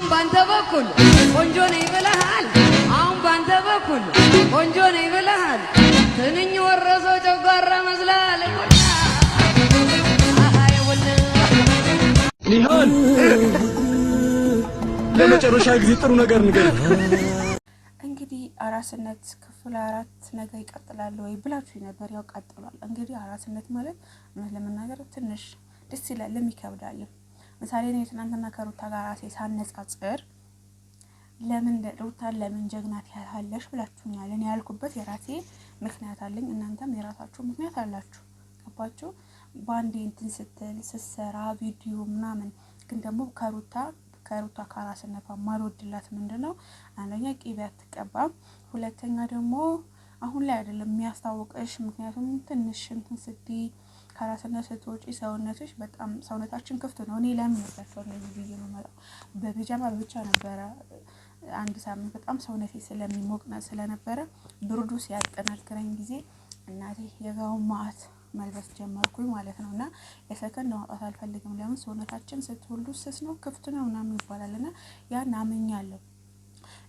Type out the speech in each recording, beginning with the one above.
አሁን ባንተ በኩል ቆንጆ ነኝ ብለሃል። አሁን ባንተ በኩል ቆንጆ ነኝ ብለሃል። ትንኝ ወረሰው ጨጓራ መስላል ኒሃን ለመጨረሻ ጊዜ ጥሩ ነገር ንገር። አራስነት ክፍል አራት ነገ ይቀጥላል ወይ ብላችሁ ነበር። ያው ቀጥሏል። እንግዲህ አራስነት ማለት እውነት ለመናገር ትንሽ ደስ ይላልም ይከብዳልም። ምሳሌ ነው የትናንትና ከሩታ ጋር ራሴ ሳነጻጽር ለምን ሩታን ለምን ጀግና ትያታለሽ ብላችሁኛል። እኔ ያልኩበት የራሴ ምክንያት አለኝ፣ እናንተም የራሳችሁ ምክንያት አላችሁ። ገባችሁ? በአንዴ እንትን ስትል ስትሰራ ቪዲዮ ምናምን ግን ደግሞ ከሩታ ከሩታ ከራስነቷ ማልወድላት ምንድን ነው? አንደኛ ቂቤ አትቀባም፣ ሁለተኛ ደግሞ አሁን ላይ አይደለም የሚያስታውቅሽ። ምክንያቱም ትንሽ እንትን ስትይ ከራስነት ስትወጪ ሰውነቶች በጣም ሰውነታችን ክፍት ነው። እኔ ለምን ነበር እንደዚህ ብዬ የምመጣው በፒጃማ ብቻ ነበረ። አንድ ሳምንት በጣም ሰውነቴ ስለሚሞቅ ስለነበረ ብርዱ ሲያጠናክረኝ ጊዜ እናቴ የጋው ማት መልበስ ጀመርኩኝ ማለት ነው። እና የሰከንድ ማውጣት አልፈልግም። ለምን ሰውነታችን ስትወልዱ ስስ ነው ክፍት ነው ምናምን ይባላል እና ያን አምኛለሁ።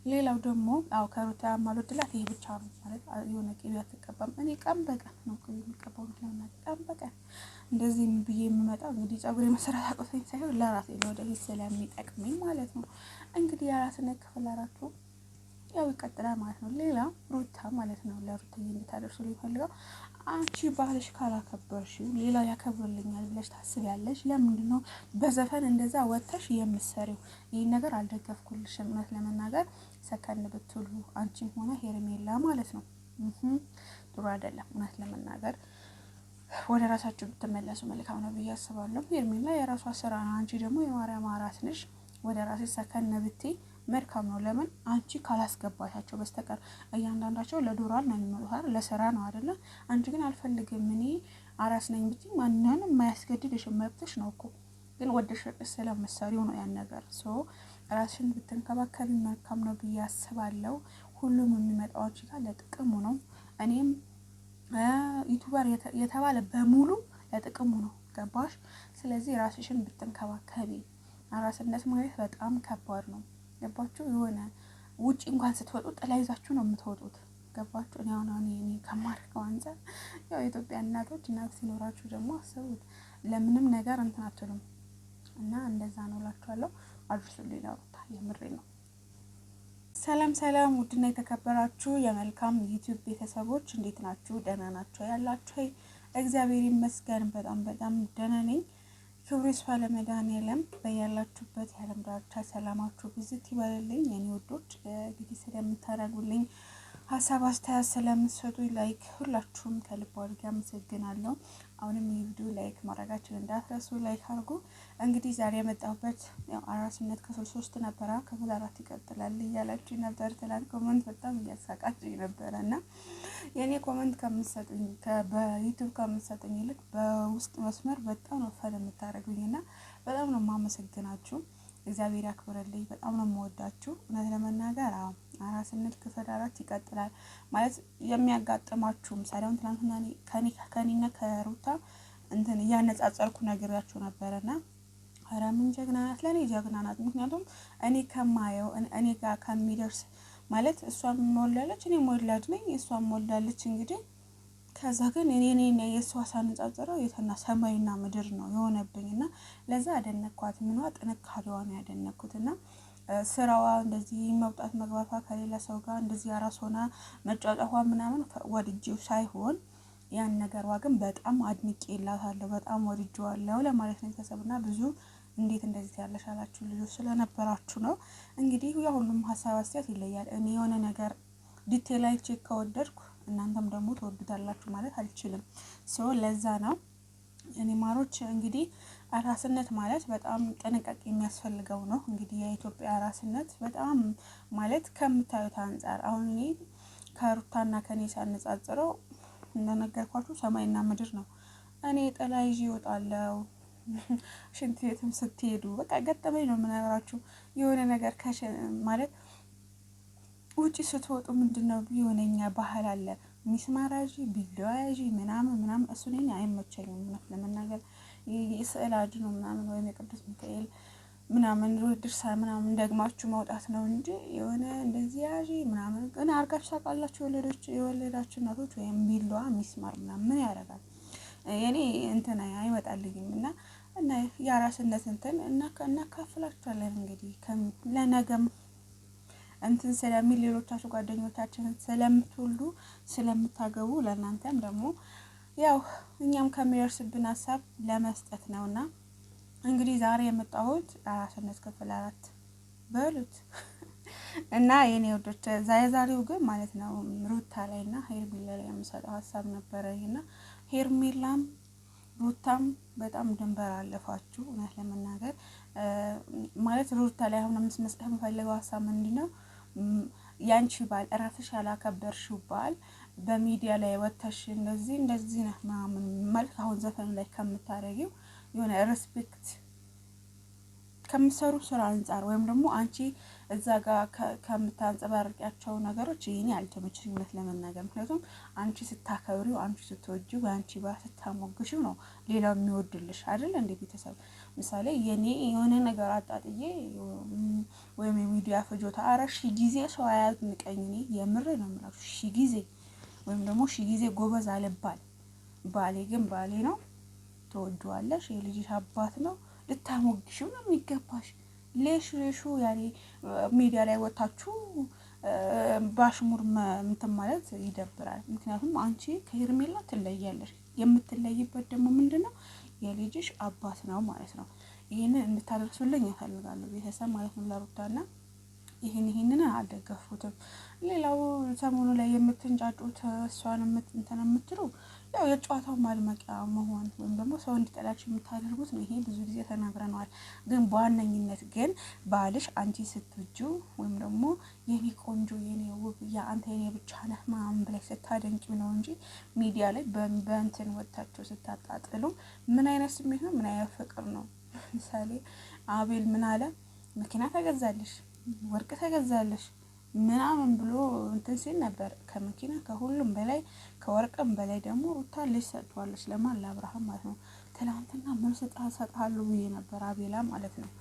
ሌላው ደግሞ አዎ ከሩታ ማልወድላት ይሄ ብቻ ነው ማለት የሆነ ቅቤ አትቀባም። እኔ ቀን በቀን ነው ቅቤ የሚቀባው ምክንያት ቀን በቀን እንደዚህ ብዬ የምመጣው እንግዲህ ጸጉር መሰራት አቅቶኝ ሳይሆን ለራሴ ለወደፊት ስለሚጠቅመኝ ማለት ነው። እንግዲህ የራስነ ክፍል አራቱ ያው ይቀጥላል ማለት ነው። ሌላ ሩታ ማለት ነው ለሩታ እንድታደርሱ የሚፈልገው አንቺ ባህልሽ ካላከበርሽው ሌላው ያከብርልኛል ብለሽ ታስቢያለሽ። ለምንድን ነው በዘፈን እንደዛ ወጥተሽ የምትሰሪው? ይህን ነገር አልደገፍኩልሽም እውነት ለመናገር ሰከን ብትሉ አንቺም ሆነ ሄርሜላ ማለት ነው። ጥሩ አይደለም። እውነት ለመናገር ወደ ራሳችሁ ብትመለሱ መልካም ነው ብዬ አስባለሁ። ሄርሜላ የራሷ ስራ ነው። አንቺ ደግሞ የማርያም አራት ነሽ። ወደ ራሴ ሰከን ብትይ መልካም ነው። ለምን አንቺ ካላስገባሻቸው በስተቀር እያንዳንዳቸው ለዶራል ነው የሚመጡት፣ ለስራ ነው አይደለ? አንቺ ግን አልፈልግም እኔ አራስ ነኝ ብትይ ማንንም የማያስገድድሽ መብትሽ ነው እኮ ግን ወደሽ ስለምትሰሪው ነው ያን ነገር ራስሽን ብትንከባከቢ መልካም ነው ብዬ አስባለሁ። ሁሉም የሚመጣው ጋር ለጥቅሙ ነው። እኔም ዩቱበር የተባለ በሙሉ ለጥቅሙ ነው። ገባሽ? ስለዚህ ራስሽን ብትንከባከቢ። አራስነት ማለት በጣም ከባድ ነው። ገባችሁ? የሆነ ውጭ እንኳን ስትወጡ ጥላ ይዛችሁ ነው የምትወጡት። ገባችሁ? እኔ አሁን አሁን እኔ ከማድረገው አንጻር ያው የኢትዮጵያ እናቶች እናት ሲኖራችሁ ደግሞ አስቡት፣ ለምንም ነገር እንትን አትሉም። እና እንደዛ ነው እላችኋለሁ። አድርሱልኝ ለሩታ የምሬ ነው። ሰላም ሰላም፣ ውድና የተከበራችሁ የመልካም ዩቲዩብ ቤተሰቦች እንዴት ናችሁ? ደህና ናችሁ ያላችሁ? እግዚአብሔር ይመስገን በጣም በጣም ደህና ነኝ። ክብሩ ይስፋ ለመድኃኔዓለም። በያላችሁበት የዓለም ዳርቻ ሰላማችሁ ብዝት ይበልልኝ። የኔ ውዶች እንግዲህ ስለምታደርጉልኝ ሀሳብ አስተያየት ስለምትሰጡ ላይክ ሁላችሁም ከልብ አድርጌ አመሰግናለሁ። አሁንም ይህ ቪዲዮ ላይክ ማድረጋችን እንዳትረሱ፣ ላይክ አድርጉ። እንግዲህ ዛሬ የመጣሁበት ያው አራስነት ክፍል ሶስት ነበረ፣ ክፍል አራት ይቀጥላል እያላችሁ ነበር። ትላንት ኮመንት በጣም እያሳቃችሁ ነበረ እና የእኔ ኮመንት ከምትሰጡኝ በዩቱብ ከምትሰጡኝ ይልቅ በውስጥ መስመር በጣም ነው ፈን የምታደርጉኝ እና በጣም ነው የማመሰግናችሁ። እግዚአብሔር ያክብረልኝ። በጣም ነው የምወዳችሁ እውነት ለመናገር አሁን አራስነት ክፍል አራት ይቀጥላል። ማለት የሚያጋጥማችሁም ሳይሆን ትናንትና ከኔና ከሩታ እንትን እያነጻጸርኩ ነግሬያችሁ ነበረና ኧረ ምን ጀግና ናት! ለእኔ ጀግና ናት። ምክንያቱም እኔ ከማየው እኔ ጋር ከሚደርስ ማለት እሷም ወላለች እኔ ወላድ ነኝ፣ እሷም ወላለች እንግዲህ ከዛ ግን እኔ እኔ የእሷ ሳነጻጽረው የተና ሰማይና ምድር ነው የሆነብኝ እና ለዛ አደነኳት። ምኗ ጥንካሬዋ ነው ያደነኩት እና ስራዋ እንደዚህ መውጣት መግባቷ ከሌላ ሰው ጋር እንደዚህ አራስ ሆና መጫጫፏ ምናምን ወድጄው ሳይሆን ያን ነገሯ ግን በጣም አድንቄ ላታለሁ። በጣም ወድጄዋለሁ ለማለት ነው የተሰብና ብዙ እንዴት እንደዚህ ያለሽ አላችሁ ልጆች ስለነበራችሁ ነው። እንግዲህ የሁሉም ሀሳብ አስተያየት ይለያል። እኔ የሆነ ነገር ዲቴል አይቼ ከወደድኩ እናንተም ደግሞ ትወዱታላችሁ ማለት አልችልም። ሶ ለዛ ነው እኔ ማሮች እንግዲህ አራስነት ማለት በጣም ጥንቃቄ የሚያስፈልገው ነው። እንግዲህ የኢትዮጵያ አራስነት በጣም ማለት ከምታዩት አንጻር አሁን እኔ ከሩታና ከኔ ሳነጻጽረው እንደነገርኳችሁ ሰማይና ምድር ነው። እኔ ጥላ ይዤ እወጣለሁ። ሽንት ቤትም ስትሄዱ በቃ ገጠመኝ ነው የምነግራችሁ። የሆነ ነገር ማለት ውጭ ስትወጡ ምንድን ነው የሆነኛ ባህል አለ። ሚስማር ይዤ ቢላዋ ይዤ ምናምን ምናምን እሱን አይመቸኝም እውነት ለመናገር የስዕል አድኖ ምናምን ወይም የቅዱስ ሚካኤል ምናምን ድርሳ ምናምን ደግማችሁ መውጣት ነው እንጂ የሆነ እንደዚህ ያዥ ምናምን ግን አርጋችሁ ታውቃላችሁ? የወለዶች የወለዳችሁ እናቶች ወይም ቢላዋ ሚስማር ምናምን ምን ያደርጋል? የኔ እንትን አይመጣልኝም እና እና የአራስነት እንትን እናካፍላችኋለን እንግዲህ ለነገም እንትን ስለሚል ሌሎቻችሁ ጓደኞቻችንን ስለምትወልዱ ስለምታገቡ ለእናንተም ደግሞ ያው እኛም ከሚደርስብን ሀሳብ ለመስጠት ነው። እና እንግዲህ ዛሬ የመጣሁት አራስነት ክፍል አራት በሉት እና የኔ ወዶች ዛሬው ግን ማለት ነው ሩታ ላይ እና ሄርሜላ ላይ የምሰጠው ሀሳብ ነበረኝ እና ሄርሜላም ሩታም በጣም ድንበር አለፋችሁ። እውነት ለመናገር ማለት ሩታ ላይ አሁን የምፈልገው ሀሳብ ምንድን ነው? ያንቺ ባል ራስሽ ያላከበርሽው ባል በሚዲያ ላይ ወተሽ እንደዚህ እንደዚህ ነህ ምናምን መልክ አሁን ዘፈኑ ላይ ከምታደርጊው የሆነ ሬስፔክት ከምሰሩ ስራ አንጻር ወይም ደግሞ አንቺ እዛ ጋር ከምታንጸባርቂያቸው ነገሮች ይህኔ አልተመቸኝም፣ እውነት ለመናገር ምክንያቱም አንቺ ስታከብሪው፣ አንቺ ስትወጂው፣ በአንቺ ባ ስታሞግሽው ነው ሌላው የሚወድልሽ አይደል እንደ ቤተሰብ ምሳሌ የኔ የሆነ ነገር አጣጥዬ ወይም የሚዲያ ፍጆታ አረ ሺ ጊዜ ሰው አያድንቀኝ። እኔ የምር ነው የምላችሁ ሺ ጊዜ ወይም ደግሞ ሺ ጊዜ ጎበዝ አለባል። ባሌ ግን ባሌ ነው፣ ተወደዋለሽ፣ የልጅሽ አባት ነው፣ ልታሞግሽም ነው የሚገባሽ። ሌሽ ሌሹ ያኔ ሚዲያ ላይ ወታችሁ ባሽሙር እንትን ማለት ይደብራል። ምክንያቱም አንቺ ከሄርሜላ ትለያለሽ። የምትለይበት ደግሞ ምንድን ነው? የልጅሽ አባት ነው ማለት ነው። ይህንን እንድታደርሱልኝ እፈልጋለሁ ቤተሰብ ማለት ነው ለሩዳና ይህን ይህንን አልደገፉትም። ሌላው ሰሞኑ ላይ የምትንጫጩት እሷን እንትን የምትሉ ያው የጨዋታው ማድመቂያ መሆን ወይም ደግሞ ሰው እንዲጠላሽ የምታደርጉት ነው። ይሄ ብዙ ጊዜ ተናግረነዋል። ግን በዋነኝነት ግን ባልሽ አንቺ ስትጁ ወይም ደግሞ የኔ ቆንጆ፣ የኔ ውብ፣ የአንተ የኔ ብቻ ነህ ምናምን ብለሽ ስታደንቂው ነው እንጂ ሚዲያ ላይ በእንትን ወታቸው ስታጣጥሉ ምን አይነት ስሜት ነው? ምን አይነት ፍቅር ነው? ለምሳሌ አቤል ምን አለ? መኪና ተገዛለሽ፣ ወርቅ ተገዛለሽ ምናምን ብሎ እንትን ሲል ነበር። ከመኪና ከሁሉም በላይ ከወርቅም በላይ ደግሞ ሩታ ልጅ ሰጥቷለች። ለማን ለአብርሃም ማለት ነው። ትላንትና ምን ሰጥሃለሁ ብዬ ነበር አቤላ ማለት ነው።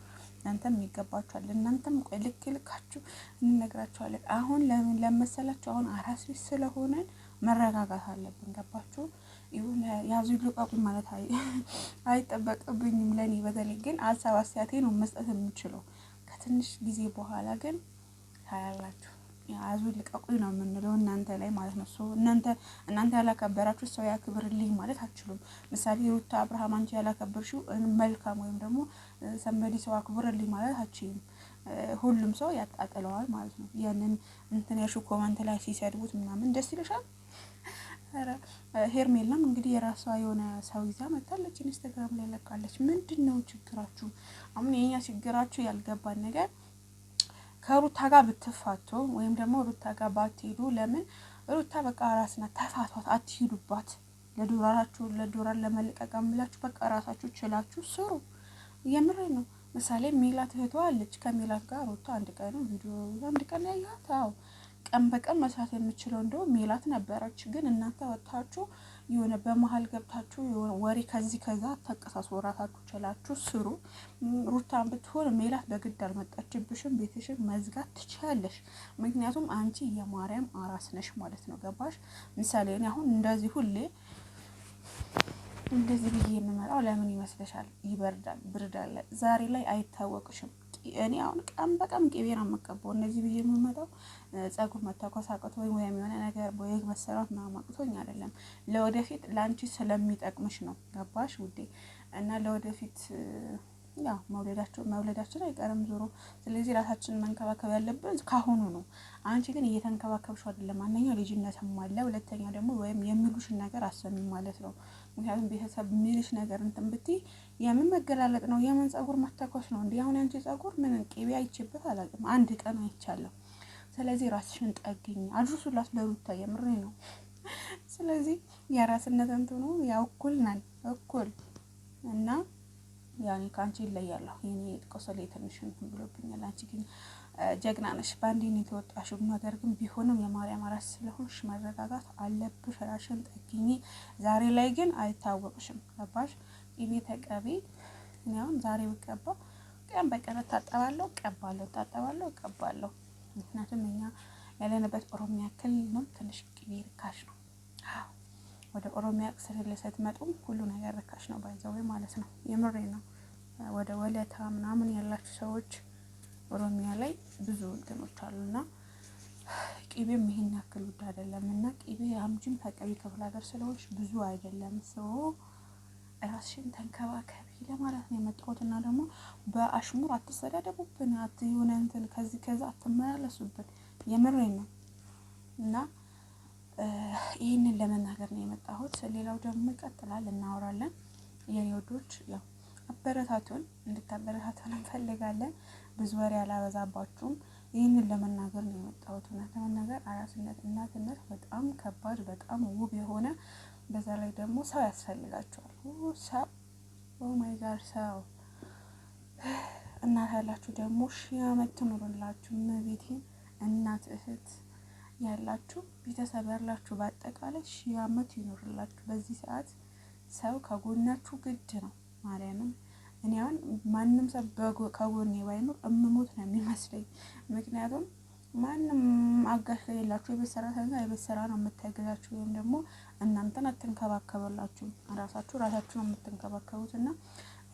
እናንተም ይገባችኋል። እናንተም ቆይ ልክ ልካችሁ እንነግራችኋለን። አሁን ለምን ለመሰላችሁ አሁን አራስ ቤት ስለሆነን መረጋጋት አለብን። ገባችሁ? ይሁን ያዙ ማለት አይጠበቅብኝም። ለኔ በተለይ ግን አሳብ አስተያየቴ ነው መስጠት የምችለው። ከትንሽ ጊዜ በኋላ ግን ታያላችሁ። አዙ ልቀቁኝ ነው የምንለው እናንተ ላይ ማለት ነው። እናንተ እናንተ ያላከበራችሁ ሰው ያክብርልኝ ማለት አችሉም ምሳሌ ሩታ አብርሃም፣ አንቺ ያላከበርሽው መልካም ወይም ደግሞ ሰንበዲ ሰው አክብርልኝ ማለት አችይም ሁሉም ሰው ያጣጥለዋል ማለት ነው። ያንን እንትን ያሹ ኮመንት ላይ ሲሰድቡት ምናምን ደስ ይልሻል። ሄርሜላም እንግዲህ የራሷ የሆነ ሰው ይዛ መታለች፣ ኢንስታግራም ላይ ለቃለች። ምንድን ነው ችግራችሁ? አሁን የኛ ችግራችሁ ያልገባን ነገር ከሩታ ጋር ብትፋቱ ወይም ደግሞ ሩታ ጋር ባትሄዱ፣ ለምን ሩታ በቃ ራስና ተፋቷት፣ አትሄዱባት። ለዶራራችሁ ለዶራር ለመለቀቀም ብላችሁ በቃ ራሳችሁ ችላችሁ ስሩ። የምር ነው። ምሳሌ ሜላት እህቷ አለች። ከሜላት ጋር ሩታ አንድ ቀን ነው ቪዲዮ አንድ ቀን ያያታው ቀን በቀን መስራት የምችለው እንደው ሜላት ነበረች። ግን እናንተ ወጥታችሁ የሆነ በመሀል ገብታችሁ የሆነ ወሬ ከዚህ ከዛ ተንቀሳቅሶ ወራታችሁ ችላችሁ ስሩ። ሩታን ብትሆን ሜላት በግድ አልመጣችብሽም። ቤትሽን መዝጋት ትችያለሽ። ምክንያቱም አንቺ የማርያም አራስ ነሽ ማለት ነው። ገባሽ? ምሳሌ እኔ አሁን እንደዚህ ሁሌ እንደዚህ ብዬ የምመራው ለምን ይመስለሻል? ይበርዳል፣ ብርድ አለ ዛሬ ላይ አይታወቅሽም። እኔ አሁን ቀን በቀን ቅቤ ነው የምቀባው። እነዚህ ብዬ የምመጣው ጸጉር መተኮሳቀት ወይ ወይም የሆነ ነገር ወይ መሰራት ምናምን አቅቶኝ አይደለም። ለወደፊት ለአንቺ ስለሚጠቅምሽ ነው። ገባሽ ውዴ? እና ለወደፊት ያ መውለዳችን አይቀርም ዞሮ። ስለዚህ ራሳችን መንከባከብ ያለብን ካሁኑ ነው። አንቺ ግን እየተንከባከብሽ አይደለም። አንደኛው ልጅነትም አለ፣ ሁለተኛ ደግሞ ወይም የሚሉሽን ነገር አሰሚ ማለት ነው። ምክንያቱም ቤተሰብ የሚልሽ ነገር እንትን ብትይ የምን መገላለጥ ነው? የምን ጸጉር መተኮስ ነው? እንዲህ አሁን ያንቺ ጸጉር ምን ቅቤ አይቼበት አላውቅም። አንድ ቀን አይቻለሁ። ስለዚህ ራስሽን ጠግኝ፣ አድርሱላት ለሩታ የምሬ ነው። ስለዚህ የራስነት እንትኑ ያው እኩል ነን እኩል እና ያኔ ከአንቺ ይለያለሁ። የኔ ቆሰሌ ትንሽም ብሎብኛል። አንቺ ግን ጀግና ነሽ፣ በአንዴን የተወጣሽው። ነገር ግን ቢሆንም የማርያም አራስ ስለሆንሽ መረጋጋት አለብሽ፣ ራሽን ጠግኚ። ዛሬ ላይ ግን አይታወቅሽም። ገባሽ? ቅቤ ተቀቢ። እኔ አሁን ዛሬ ብቀባ ቀን በቀን እታጠባለሁ፣ እቀባለሁ፣ እታጠባለሁ፣ እቀባለሁ። ምክንያቱም እኛ ያለንበት ኦሮሚያ ክልል ነው፣ ትንሽ ቅቤ ርካሽ ነው። ወደ ኦሮሚያ ክስል ስትመጡ ሁሉ ነገር ርካሽ ነው፣ ባይዘዌ ማለት ነው። የምሬ ነው። ወደ ወለታ ምናምን ያላችሁ ሰዎች ኦሮሚያ ላይ ብዙ እንትኖች አሉና ቂቤም ይሄን ያክል ውድ አይደለም እና ቂቤ አምጅም ታቀቢ ክፍለ ሀገር ስለሆንሽ ብዙ አይደለም። ሰው ራስሽን ተንከባከቢ ለማለት ነው የመጣሁት። እና ደግሞ በአሽሙር አትሰዳደቡብን፣ አትሆነ እንትን ከዚህ ከዛ አትመላለሱብን። የምሬ ነው እና ይህንን ለመናገር ነው የመጣሁት። ሌላው ደግሞ ይቀጥላል፣ እናወራለን። የኔ ወዶች ያው አበረታቱን፣ እንድታበረታቱን እንፈልጋለን። ብዙ ወሬ አላበዛባችሁም። ይህንን ለመናገር ነው የመጣሁት። እውነት ለመናገር አራስነት፣ እናትነት በጣም ከባድ፣ በጣም ውብ የሆነ በዛ ላይ ደግሞ ሰው ያስፈልጋቸዋል። ሰው ኦማይ ጋድ ሰው እናት ያላችሁ ደግሞ ሺህ አመት ትኑርላችሁ። መቤቴን እናት እህት ያላችሁ ቤተሰብ ያላችሁ በአጠቃላይ ሺህ ዓመት ይኖርላችሁ። በዚህ ሰዓት ሰው ከጎናችሁ ግድ ነው። ማርያምን እኔ አሁን ማንም ሰው ከጎኔ ባይኖር እምሞት ነው የሚመስለኝ። ምክንያቱም ማንም አጋሽ ከሌላችሁ የቤት ሰራተኛ የቤት ስራ ነው የምታገዛችሁ፣ ወይም ደግሞ እናንተን አትንከባከበላችሁ። ራሳችሁ ራሳችሁ ነው የምትንከባከቡት እና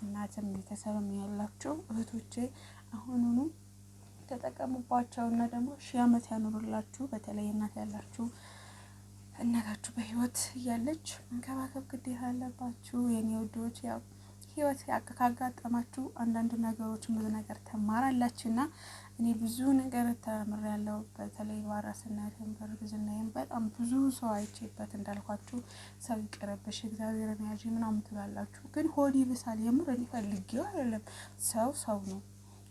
እናትም ቤተሰብም ያላችው እህቶቼ አሁኑኑ ተጠቀሙባቸው እና ደግሞ ሺህ ዓመት ያኖሩላችሁ። በተለይ እናት ያላችሁ እናታችሁ በህይወት እያለች መንከባከብ ግዴታ አለባችሁ። የኔ ውዶች ያው ህይወት ካጋጠማችሁ አንዳንድ ነገሮች ብዙ ነገር ተማራላችሁ እና እኔ ብዙ ነገር ተምሬያለሁ። በተለይ በአራስና ድንበር ግዝናይም በጣም ብዙ ሰው አይቼበት እንዳልኳችሁ ሰው ይቅረብሽ እግዚአብሔርን ያዥ ምናምን ትላላችሁ። ግን ሆድ ይብሳል። የምር እኔ ፈልጌው አይደለም። ሰው ሰው ነው።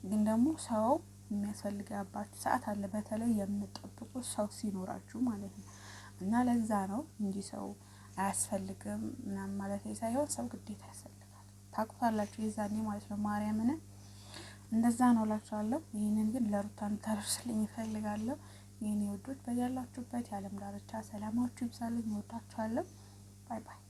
ግን ደግሞ ሰው የሚያስፈልጋባችሁ ሰዓት አለ። በተለይ የምጠብቁ ሰው ሲኖራችሁ ማለት ነው። እና ለዛ ነው እንጂ ሰው አያስፈልግም ምናምን ማለት ሳይሆን ሰው ግዴታ ያስፈልጋል። ታቁታላችሁ የዛኔ ማለት ነው። ማርያምን እንደዛ ነው እላችኋለሁ። ይህንን ግን ለሩታ እንድታደርስልኝ ይፈልጋለሁ። ይህን ውዶች በያላችሁበት የዓለም ዳርቻ ሰላማችሁ ይብዛልኝ። እወዳችኋለሁ። ባይ ባይ።